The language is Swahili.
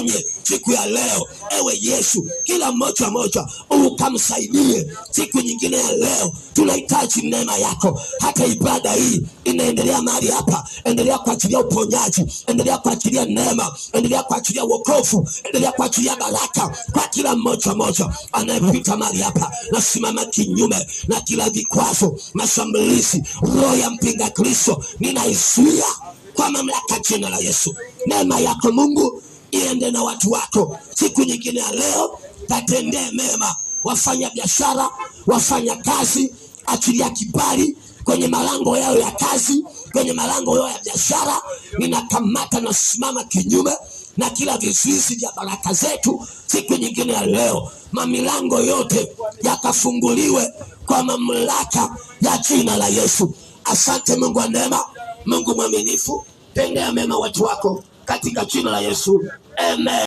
uponye siku ya leo. Ewe Yesu, kila mmoja mmoja ukamsaidie siku nyingine ya leo. Tunahitaji neema yako. Hata ibada hii inaendelea mahali hapa, endelea kuachilia uponyaji, endelea kuachilia neema, endelea kuachilia wokovu, endelea kuachilia baraka kwa kila mmoja mmoja anayepita mahali hapa. Nasimama kinyume na kila vikwazo, mashambulizi, roho ya mpinga Kristo ninaizuia kwa mamlaka jina la Yesu. Neema yako Mungu iende na watu wako siku nyingine ya leo, tatendee mema wafanya biashara, wafanya kazi, achilia kibali kwenye malango yao ya kazi, kwenye malango yao ya biashara. Ninakamata na simama kinyume na kila vizuizi vya baraka zetu siku nyingine ya leo, mamilango yote yakafunguliwe kwa mamlaka ya jina la Yesu. Asante Mungu wa neema, Mungu mwaminifu, tendea mema watu wako katika jina la Yesu. Amen.